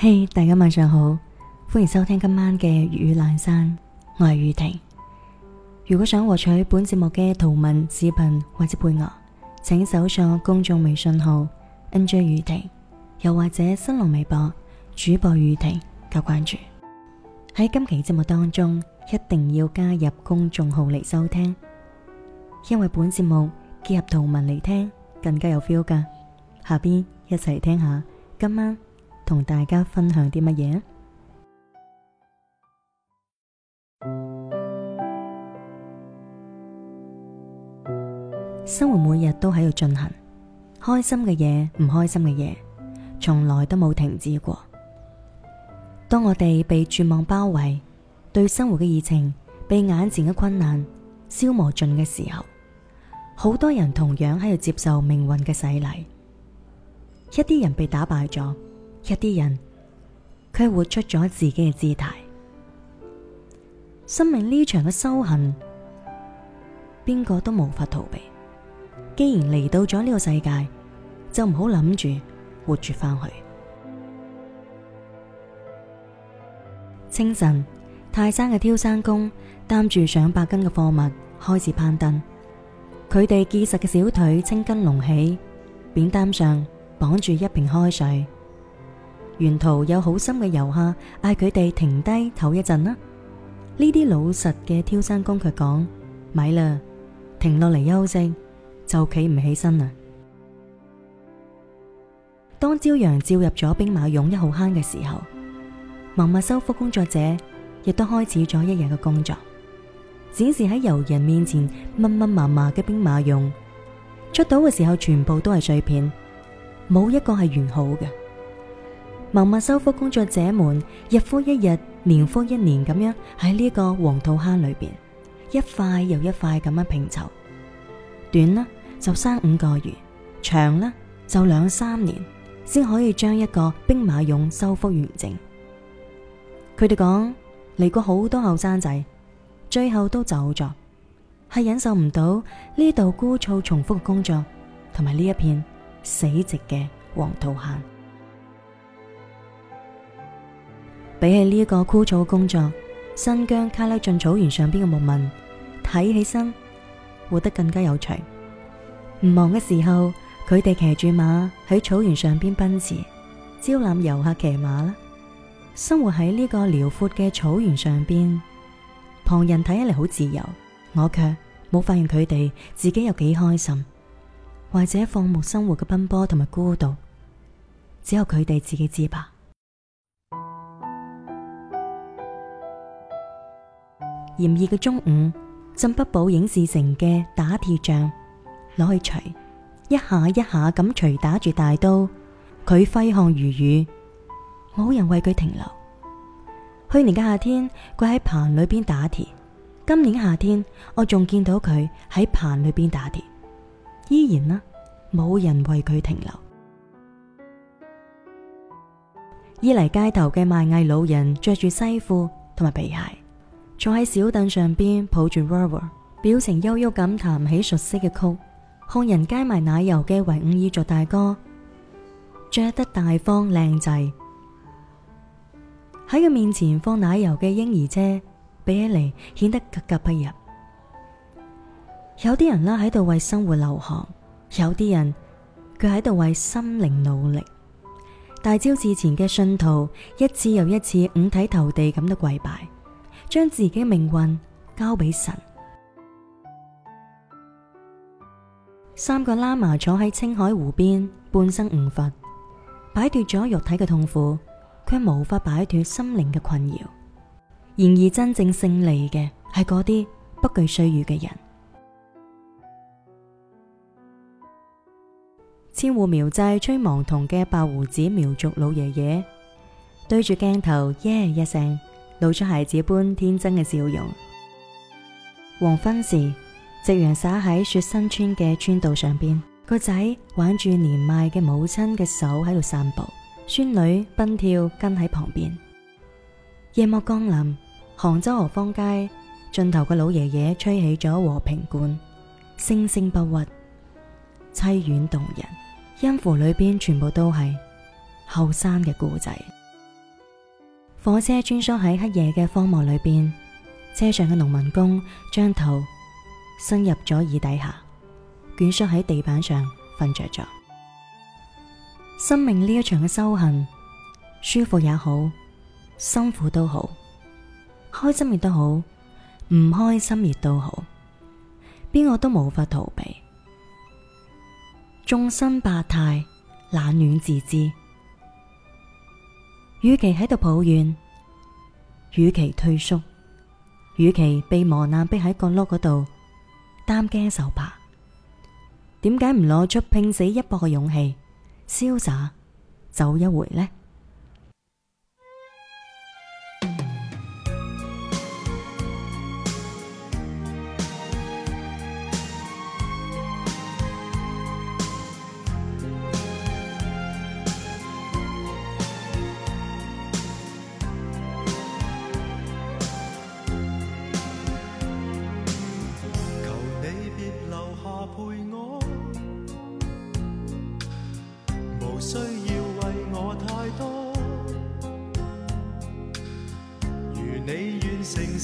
嘿，hey, 大家晚上好，歡迎收聽今晚嘅粵語闌珊，我係宇婷。如果想獲取本節目嘅圖文視頻或者配樂，請搜索公眾微信號 NJ 宇婷，又或者新浪微博主播宇婷加關注。喺今期節目當中，一定要加入公眾號嚟收聽，因為本節目結合圖文嚟聽更加有 feel 噶。下邊一齊聽一下今晚。同大家分享啲乜嘢？生活每日都喺度進行，開心嘅嘢，唔開心嘅嘢，從來都冇停止過。當我哋被絕望包圍，對生活嘅熱情被眼前嘅困難消磨盡嘅時候，好多人同樣喺度接受命運嘅洗禮，一啲人被打敗咗。一啲人，佢活出咗自己嘅姿態。生命呢場嘅修行，邊個都無法逃避。既然嚟到咗呢個世界，就唔好諗住活住返去。清晨，泰山嘅挑山工擔住上百斤嘅貨物開始攀登，佢哋結實嘅小腿青筋隆起，扁擔上綁住一瓶開水。沿途有好心嘅遊客嗌佢哋停低唞一陣啦，呢啲老實嘅挑山工佢講：咪啦，停落嚟休息就企唔起身啦。當朝陽照入咗兵馬俑一號坑嘅時候，文物修復工作者亦都開始咗一日嘅工作。展示喺遊人面前密密麻麻嘅兵馬俑，出土嘅時候全部都係碎片，冇一個係完好嘅。文物修復工作者們日復一日、年復一年咁樣喺呢個黃土坑裏邊，一塊又一塊咁樣拼湊。短呢，就三五個月，長呢，就兩三年，先可以將一個兵馬俑修復完整。佢哋講，嚟過好多後生仔，最後都走咗，係忍受唔到呢度枯燥重複嘅工作，同埋呢一片死寂嘅黃土坑。比起呢個枯燥嘅工作，新疆喀拉峻草原上邊嘅牧民睇起身活得更加有趣。唔忙嘅時候，佢哋騎住馬喺草原上邊奔馳，招攬遊客騎馬啦。生活喺呢個遼闊嘅草原上邊，旁人睇起嚟好自由，我卻冇發現佢哋自己有幾開心，或者放牧生活嘅奔波同埋孤獨，只有佢哋自己知吧。炎熱嘅中午，鎮北堡影視城嘅打鐵匠攞去錘，一下一下咁錘打住大刀，佢揮汗如雨，冇人為佢停留。去年嘅夏天，佢喺棚裏邊打鐵；今年夏天，我仲見到佢喺棚裏邊打鐵，依然呢，冇人為佢停留。伊犁街頭嘅賣藝老人，着住西褲同埋皮鞋。坐喺小凳上邊，抱住熱瓦甫，表情憂鬱咁彈起熟悉嘅曲。漢人街賣奶油嘅維吾爾族大哥，着得大方靚仔，喺佢面前放奶油嘅嬰兒車比起嚟，顯得格格不入。有啲人啦，喺度為生活流汗，有啲人佢喺度為心靈努力。大昭寺前嘅信徒，一次又一次五體投地咁都跪拜。將自己命運交俾神。三個喇嘛坐喺青海湖邊，半生悟佛，擺脫咗肉體嘅痛苦，卻無法擺脫心靈嘅困擾。然而，真正勝利嘅係嗰啲不懼歲月嘅人。千戶苗寨吹芒筒嘅白鬍子苗族老爺爺，對住鏡頭耶一聲。Yeah, yeah, 露出孩子般天真嘅笑容。黃昏時，夕陽灑喺雪新村嘅村道上邊，個仔挽住年邁嘅母親嘅手喺度散步，孫女奔跳跟喺旁邊。夜幕降臨，杭州河坊街盡頭嘅老爺爺吹起咗和平管，聲聲不屈，悽婉動人，音符裏邊全部都係後生嘅故仔。火車穿梭喺黑夜嘅荒漠裏邊，車上嘅農民工將頭伸入咗椅底下，蜷縮喺地板上瞓着着。生命呢一場嘅修行，舒服也好，辛苦都好，開心亦都好，唔開心亦都好，邊個都無法逃避。眾生百態，冷暖自知。與其喺度抱怨，與其退縮，與其被磨難逼喺角落嗰度擔驚受怕，點解唔攞出拼死一搏嘅勇氣，瀟灑走一回呢？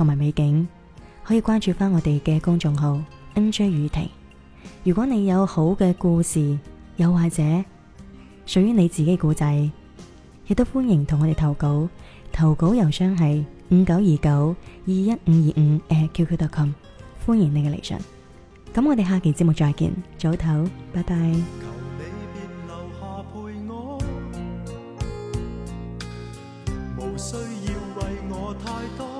同埋美景，可以關注翻我哋嘅公眾號 NJ 宇婷。如果你有好嘅故事，又或者屬於你自己嘅故仔，亦都歡迎同我哋投稿。投稿郵箱係五九二九二一五二五 @qq.com。歡迎你嘅嚟信。咁我哋下期節目再見，早唞，拜拜。求你別留下陪我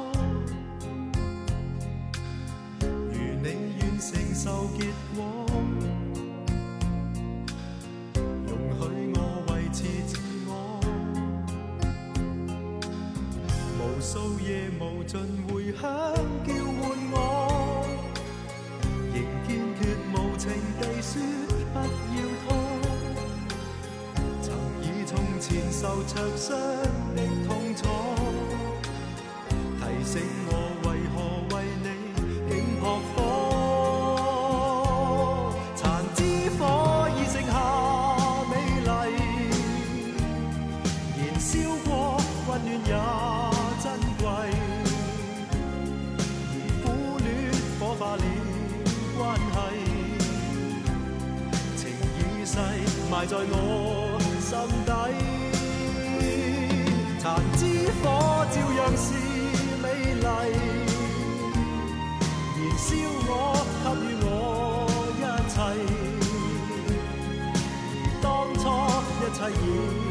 受結果，容許我維持自我。無數夜無盡回響叫喚我，仍堅決無情地説不要拖。曾以從前受灼傷的痛楚提醒。埋在我心底，殘枝火照樣是美麗，燃燒我給予我一切，而當初一切已。